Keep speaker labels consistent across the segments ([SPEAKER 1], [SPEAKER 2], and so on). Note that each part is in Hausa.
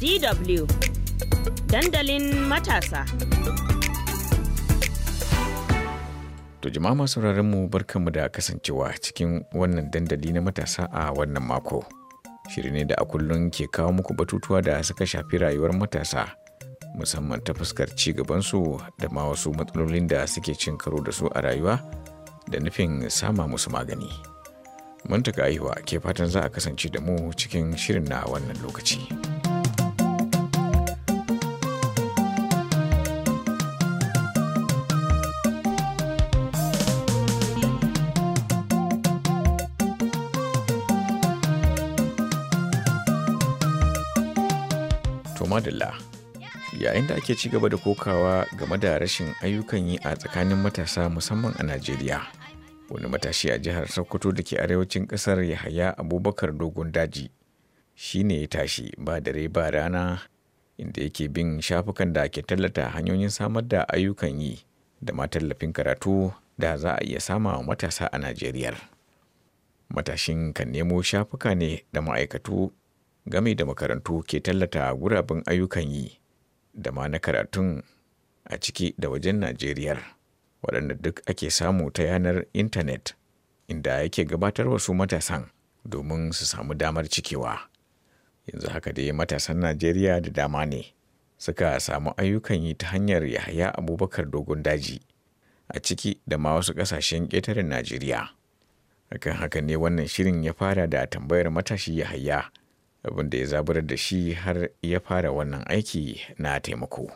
[SPEAKER 1] DW dandalin matasa. To jama'a masu mu barkanmu da kasancewa cikin wannan dandali na matasa a wannan mako. Shiri ne da a kullum ke kawo muku batutuwa da suka shafi rayuwar matasa musamman ta fuskar ci gabansu da ma wasu matsalolin da suke cin karo da su a rayuwa da nufin sama musu magani. Mun aihuwa ke fatan za a kasance da mu cikin shirin na wannan lokaci. madalla yayin da ake ci gaba da kokawa game da rashin ayyukan yi a tsakanin matasa musamman a najeriya wani matashi a jihar sokoto da ke arewacin kasar yahaya abubakar dogon daji shi ne ya tashi ba dare ba rana inda yake bin shafukan da ke tallata hanyoyin samar da ayyukan yi da ma tallafin karatu da za a iya sama wa matasa a Najeriya. Matashin kan nemo shafuka ne da ma'aikatu game da makarantu ke tallata guraben ayyukan yi da ma na karatun a ciki da wajen Najeriya waɗanda duk ake samu ta yanar intanet inda yake gabatar wasu matasan domin su samu damar cikewa. Yanzu haka dai matasan Najeriya da dama ne suka samu ayyukan yi ta hanyar Yahaya Abubakar Dogon Daji a ciki da ma wasu ƙasashen ƙetaren Najeriya. Akan haka ne wannan shirin ya fara da tambayar matashi Yahaya. abin da ya zaburar da shi har ya fara wannan aiki na taimako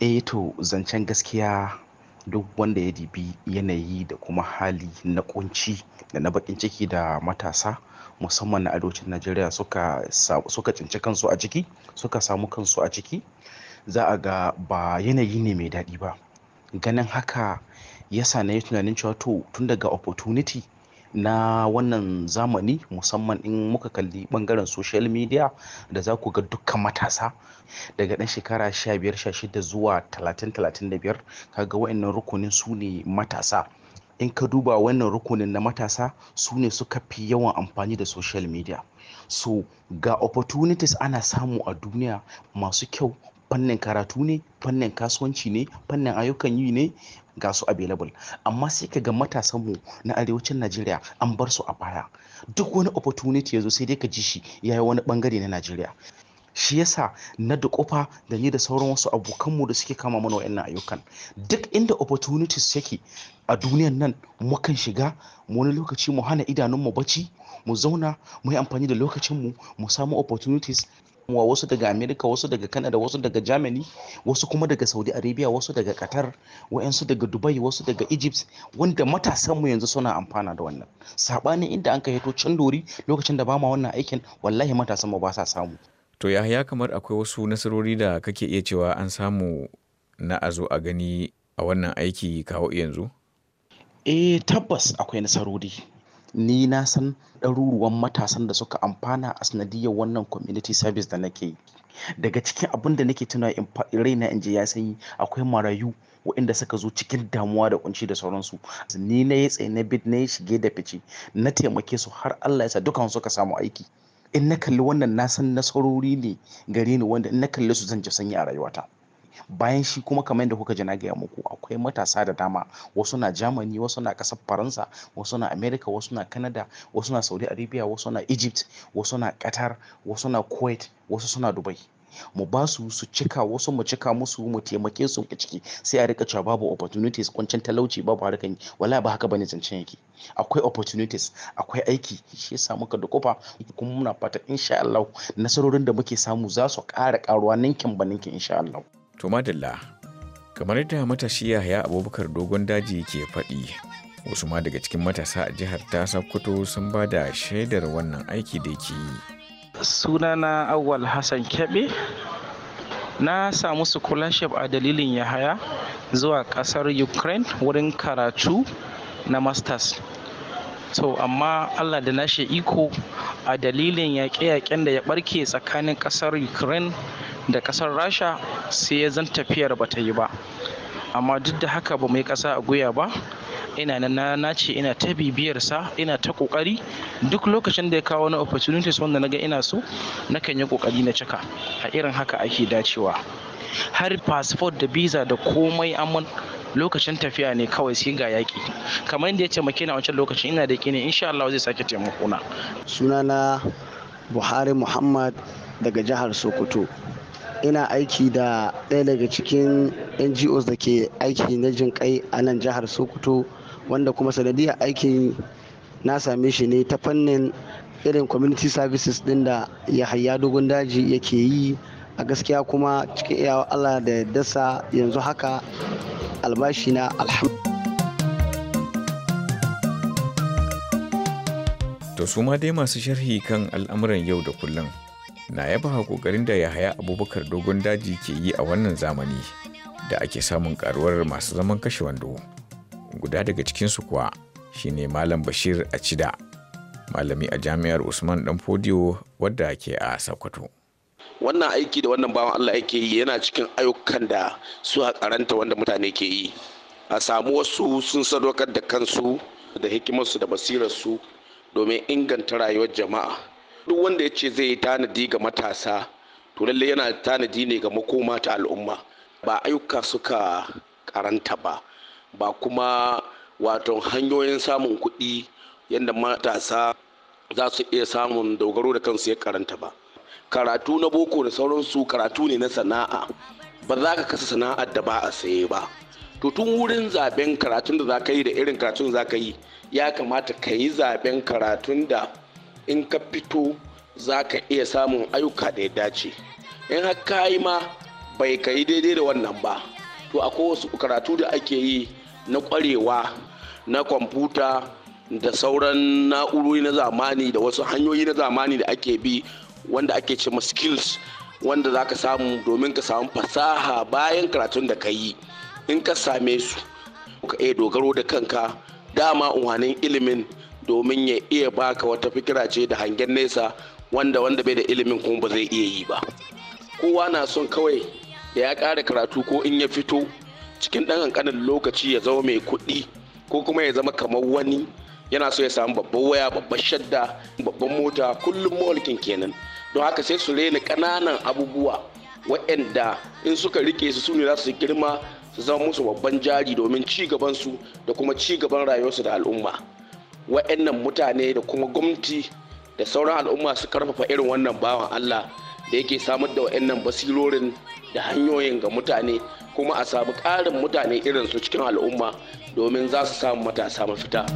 [SPEAKER 1] eh to zancen gaskiya duk wanda ya dibi yanayi da
[SPEAKER 2] kuma hali na kunci da na bakin ciki da matasa musamman na arewacin najeriya suka suka cinci kansu a ciki suka samu kansu a ciki za a ga ba yanayi ne mai daɗi ba ganin haka yasa na yi tunanin cewa to tun daga opportunity na wannan zamani musamman in muka kalli bangaren social media da za ku ga dukkan matasa daga ɗan shekara 15-16 zuwa 30-35 kaga wa'annan rukunin su ne matasa in ka duba wannan rukunin na matasa su ne suka fi yawan amfani da social media so ga opportunities ana samu a duniya masu kyau fannin karatu ne fannin kasuwanci ne fannin ayyukan yi ne ga su available amma sai ka ga matasan mu na arewacin najeriya an bar su a baya duk wani opportunity ya zo sai dai ka ji shi yayi wani bangare na najeriya shi yasa na da kofa da ni da sauran wasu abokan mu da suke kama mana wayannan ayyukan duk inda opportunities yake a duniyan nan mukan shiga mu wani lokaci mu hana idanunmu bacci mu zauna mu yi amfani da lokacinmu mu samu opportunities wa wasu daga amerika wasu daga canada wasu daga germany wasu kuma daga saudi arabia wasu daga qatar wa'yansu daga dubai wasu daga egypt wanda matasanmu yanzu suna amfana da wannan saɓanin inda an kai to can dori lokacin da ba ma wannan aikin wallahi matasanmu ba sa samu
[SPEAKER 1] to yahaya kamar akwai wasu nasarori da kake iya cewa an samu na a zo a gani a wannan aiki kawo yanzu eh tabbas akwai nasarori ni na san ɗaruruwan matasan da suka amfana
[SPEAKER 2] a sanadiyar wannan community service da nake yi daga cikin abin da nake tuna in raina in je ya sanyi akwai marayu waɗanda suka zo cikin damuwa da kunci da sauransu ni na yi tsaye na bid na shige da fice na taimake su har Allah ya sa dukan suka samu aiki in na kalli wannan na san nasarori ne gare ni wanda in na kalli su zan ji sanyi a rayuwata bayan shi kuma kamar yadda kuka ji na gaya muku akwai matasa da dama wasu na germany wasu na kasar faransa wasu na america wasu na canada wasu na saudi arabia wasu na egypt wasu na qatar wasu na kuwait wasu suna dubai mu ba su su cika wasu mu cika musu mu taimake su a ciki sai a rika cewa babu opportunities kuncin talauci babu harkan wala ba haka bane zancen yake akwai opportunities akwai aiki shi yasa muka da kofa kuma muna fata insha Allah nasarorin da muke samu za su ƙara ƙaruwa ninkin ba ninkin insha Allah
[SPEAKER 1] To madalla, kamar yadda matashi Yahaya Abubakar Dogon Daji ke faɗi, wasu ma daga cikin matasa a jihar ta Sokoto sun ba da shaidar wannan aiki da ke yi.
[SPEAKER 2] Sunana Awal Hassan Kebe, na samu scholarship a dalilin ya haya zuwa ƙasar Ukraine wurin karatu na masters. To amma Allah da nashe iko a dalilin yaƙe-yaƙen da ya ɓarke tsakanin ƙasar Ukraine da ƙasar rasha sai ya zan tafiyar ba ta yi ba amma duk da haka ba mu yi ƙasa a guya ba ina nan na ce ina ta bibiyar sa ina ta kokari duk lokacin da ya kawo na opportunities wanda naga ina so nakan yi kokari na cika a irin haka ake dacewa har passport da visa da komai amma lokacin tafiya ne kawai sai ga yaki kamar yadda ya ce makina wancan lokacin ina da ne insha Allah zai sake taimako na
[SPEAKER 3] sunana Buhari Muhammad daga jihar Sokoto ina aiki da ɗaya daga cikin ngos da ke aiki na jin kai a nan jihar sokoto wanda kuma sanadiyar aikin na same shi ne ta fannin irin community services din da ya hayya dogon daji yake yi a gaskiya kuma cikin iyawa allah da dasa yanzu haka albashi na alhamdulillah
[SPEAKER 1] to su dai masu sharhi kan al'amuran yau da kullum na yaba kokarin da Yahaya Abubakar Dogon Daji ke yi a wannan zamani da ake samun karuwar masu zaman kashe wando. Guda daga cikinsu kuwa shine Malam Bashir a Cida, malami a jami'ar Usman Danfodiyo wadda ke a sakwato.
[SPEAKER 3] wannan aiki da wannan bawan Allah yake yi yana cikin ayyukan da su karanta wanda mutane ke yi a samu wasu sun sadaukar da kansu da hikimarsu da basirarsu domin inganta rayuwar jama'a duk wanda ya ce zai yi tanadi ga matasa to lalle yana tanadi ne ga makoma ta al'umma ba ayyuka suka karanta ba ba kuma wato hanyoyin samun kuɗi yadda matasa za su iya samun dogaro da kansu ya karanta ba karatu na boko da sauransu karatu ne na sana'a ba za ka kasa sana'ar da ba a saye ba to tun wurin zaben karatun da za ka yi da irin karatun za ka yi ya kamata ka yi zaben karatun da in ka fito za ka iya samun ayyuka da ya dace in har ka yi ma bai ka yi daidai da wannan ba to akwai wasu karatu da ake yi na kwarewa na kwamfuta da sauran na'urori na zamani da wasu hanyoyi na zamani da ake bi wanda ake ce ma skills wanda za ka samu domin ka samu fasaha bayan karatun da ka yi in ka same su ka iya dogaro da kanka dama umarnin ilimin domin ya iya baka wata fikira ce da hangen nesa wanda wanda bai da ilimin kuma ba zai iya yi ba kowa na son kawai da ya ƙara karatu ko in ya fito cikin ɗan ƙanƙanin lokaci ya zama mai kuɗi ko kuma ya zama kamar wani yana so ya samu babban waya babban shadda babban mota kullum mawalkin kenan don haka sai su rena ƙananan abubuwa waɗanda in suka rike su su ne za su girma su zama musu babban jari domin ci su da kuma ci gaban rayuwarsu da al'umma. wa'annan mutane da kuma gwamnati da sauran al'umma su karfafa irin wannan bawan Allah da yake samar da wa'annan basirorin da hanyoyin ga mutane kuma a samu ƙarin mutane irin su cikin al'umma domin za su samu matasa mafita.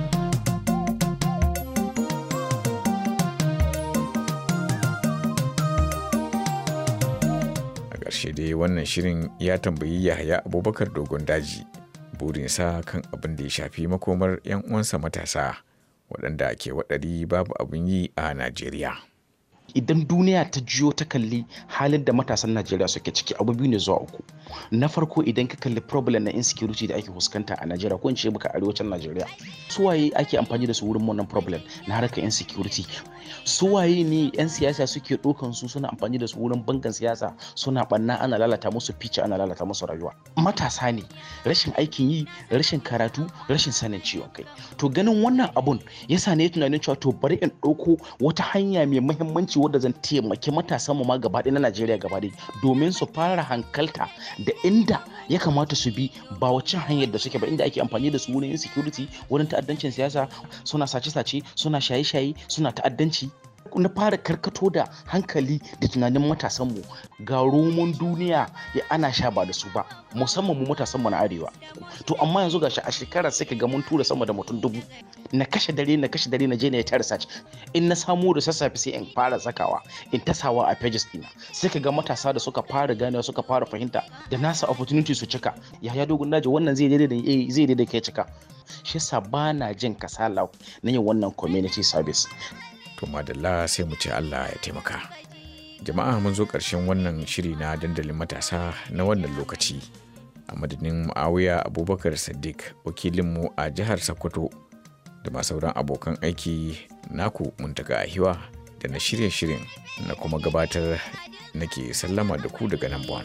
[SPEAKER 1] A ƙarshe dai wannan shirin ya tambayi Yahaya Abubakar Dogon Daji burinsa kan abin da ya shafi makomar 'yan uwansa matasa. waɗanda ke waɗari babu abin yi a Najeriya. idan duniya ta jiyo ta kalli halin da matasan najeriya suke ciki abu biyu ne zuwa uku
[SPEAKER 2] na farko idan ka kalli problem na insecurity da ake fuskanta a najeriya ko in ce baka arewacin najeriya suwaye ake amfani da su wurin wannan problem na harkar insecurity suwaye ne yan siyasa suke ɗaukan su suna amfani da su wurin bankan siyasa suna banna ana lalata musu fice ana lalata musu rayuwa matasa ne rashin aikin yi rashin karatu rashin sanin ciwon kai to ganin wannan abun yasa ne tunanin cewa to bari in ɗauko wata hanya mai muhimmanci ce wadda zan taimaki matasan mu ma gaba na Najeriya gaba domin su fara hankalta da inda ya kamata su bi ba wacce hanyar da suke ba inda ake amfani da su wurin security wurin ta'addancin siyasa suna sace-sace suna shaye-shaye suna ta'addanci na fara karkato da hankali da tunanin matasanmu ga roman duniya ya ana sha ba da su ba musamman mu matasanmu na arewa to amma yanzu gashi a shekara sai ka ga mun tura sama da mutum dubu na kashe dare na kashe dare na je na ya tara sace in na samu da sassafe sai in fara sakawa in tasawa a pages dina sai ka ga matasa da suka fara ganewa suka fara fahimta da nasa opportunity su cika yaya dogon daji wannan zai daidai eh, zai daidai cika shi yasa ba na jin kasala na yin wannan community service to madalla sai mu ce Allah ya
[SPEAKER 1] taimaka jama'a mun zo ƙarshen wannan shiri na dandalin matasa na wannan lokaci a madadin ma'awiya abubakar sadiq wakilinmu a jihar sokoto da ma sauran abokan aiki naku muntaka ahiwa da na shirye shirin na kuma gabatar nake sallama da ku daga nan bon.